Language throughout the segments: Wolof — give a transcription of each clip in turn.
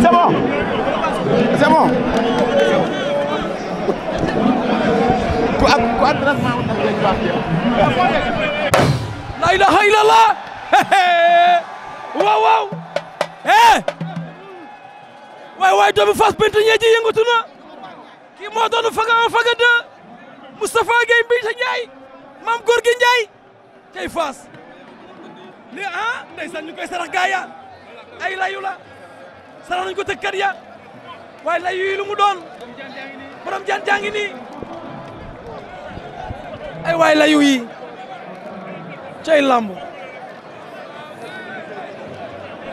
C'est bon C'est bon La ilaha illallah Waaw waaw Eh Waay waay doomu Fass Bintou ñee ji yëngatu na kii moo doon faga faga de Moustapha Gueye Mbita Ndiaye Mame Gorgui Ndiaye cay faas li ah ndeysaan ñu sarax gaa ay layu la sarax nañu ko tëkkat ya waaye layu yi lu mu doon borom jaan jaa ngi ay waay layu yi cay làmb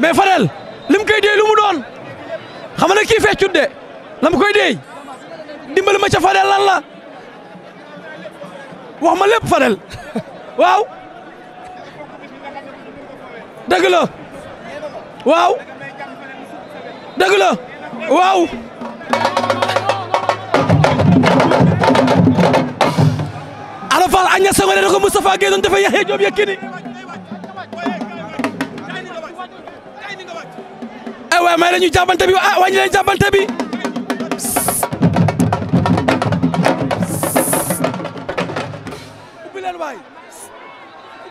mais Fadel lim koy dee lu mu doon xam nga kii feccut de la koy dee dimbali ma ca Fadel lan la wax ma lépp Fadel waaw. dëgg la waaw dëgg la waaw Ada Fass aña sangone na ko Moustapha Gueye doon dafa Yaxya Joob Yékini ay eh waay may la ñu jàppante bi ah wàññi leen jàppante bi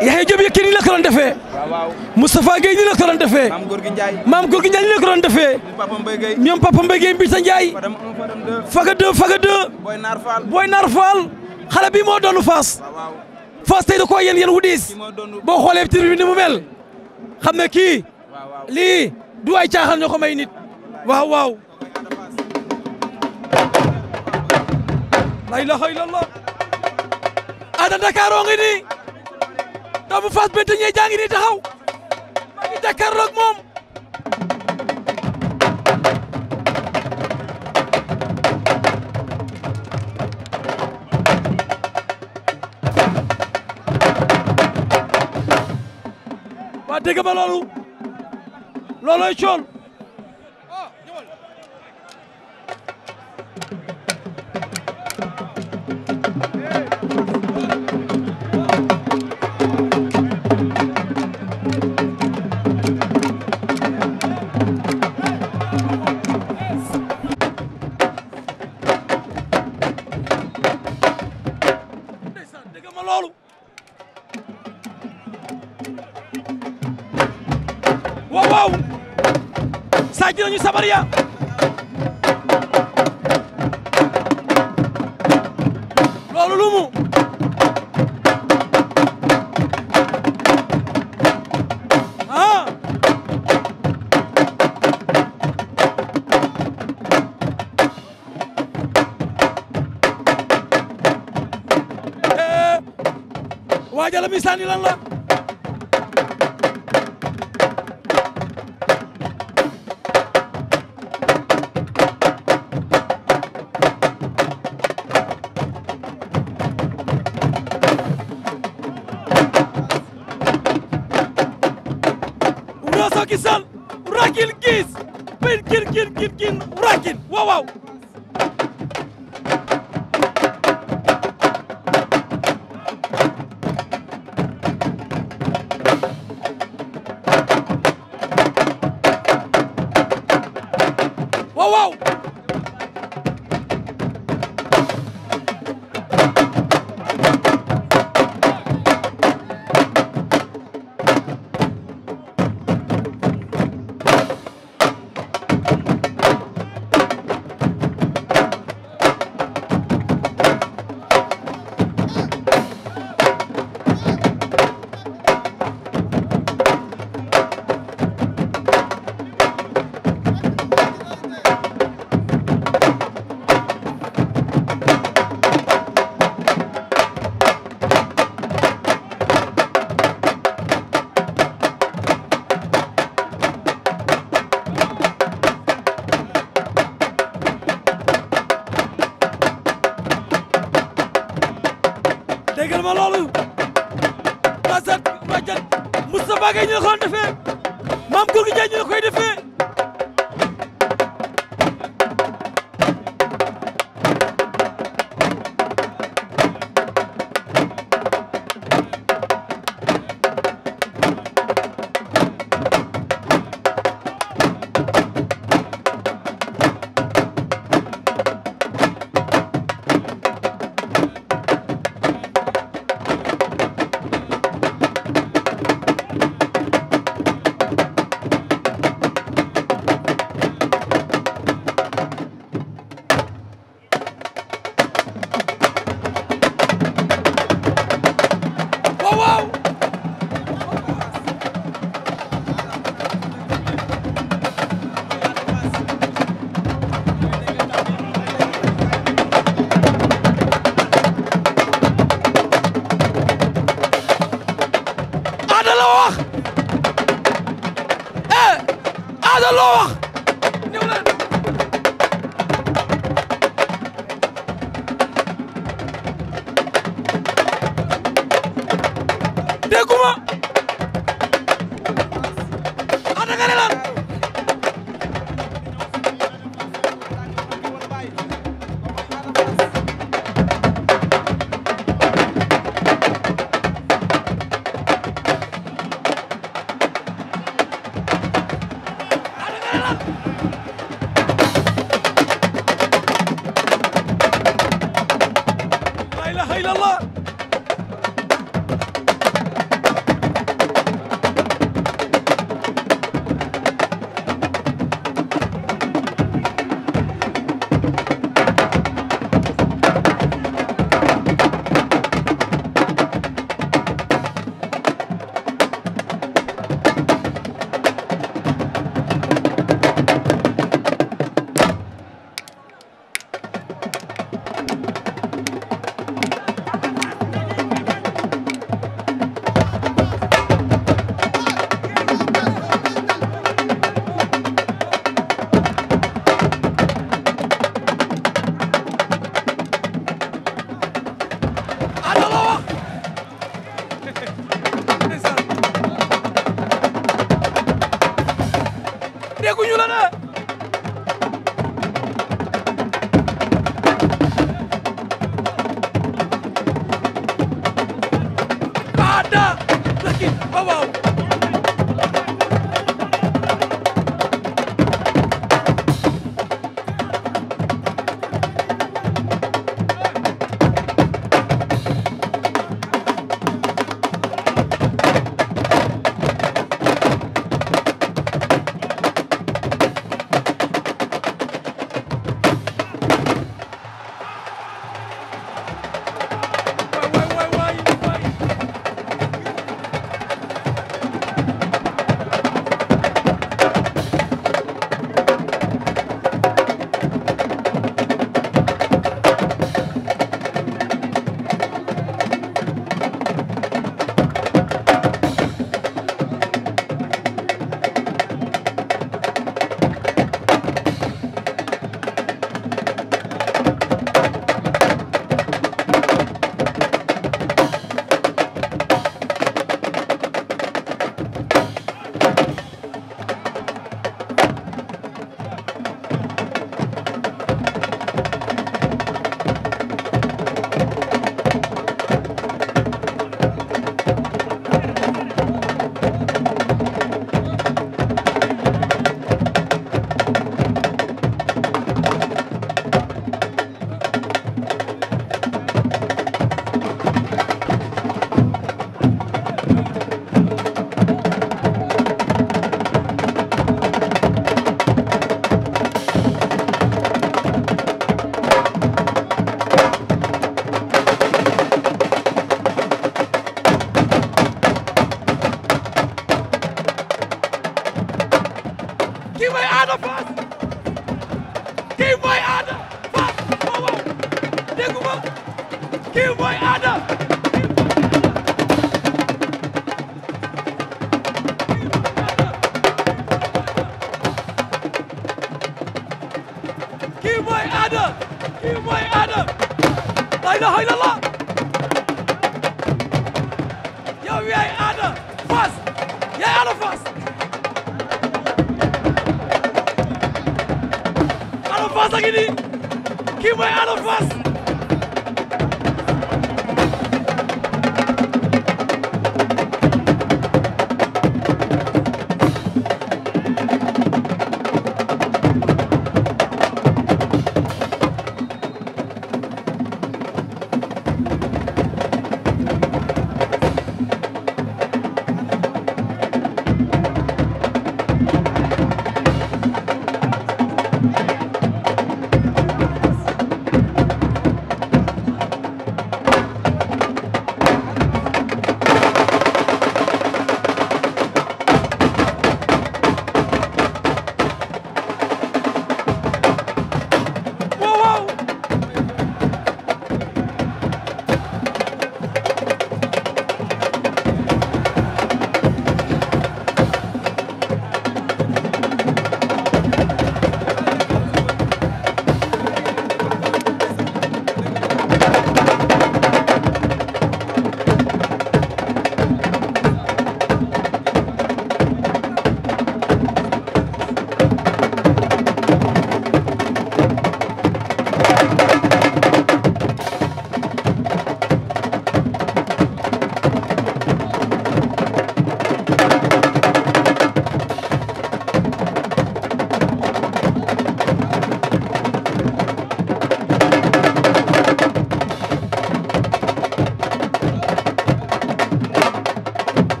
Yaxya Jóob Yékini la ko doon defee Moustapha Gueye ni la ko doon defee maam Gorgui Ndiaye ni la ko doon defee ñoom Papa Mbaye faga deux faga deux Boy Naar Fall xale bi moo doonu Fass Fass tey da koo yéen yéen wu diis boo xoolee tur bi ni mu mel xam ne kii lii du ay caaxaan ñoo nit waaw waaw la ilaha illallah a Dakar oo ngi doomu Fass Benteñe jaa ngi nii taxaw maa ngi jàkkaarloog moom. waa dégg nga loolu loolooy cool. loolu waaw waaw sàcc nañu sabar ya waajal mi sànni lan la Rakil Gis, Kin Kin Kin Kin Badiane Moustapha Gueye ñu la ko daan defee Mame Gorgui Dieng ñu la koy defee Ada loo wax nañu la de ada lagi wow, wow. diw mooy Ada kii mooy Ada kii mooy Ada la ilaha illallah yow yaay Ada Fass yaay Ada Fass Ada Fass a ngi nii kii mooy Ada Fass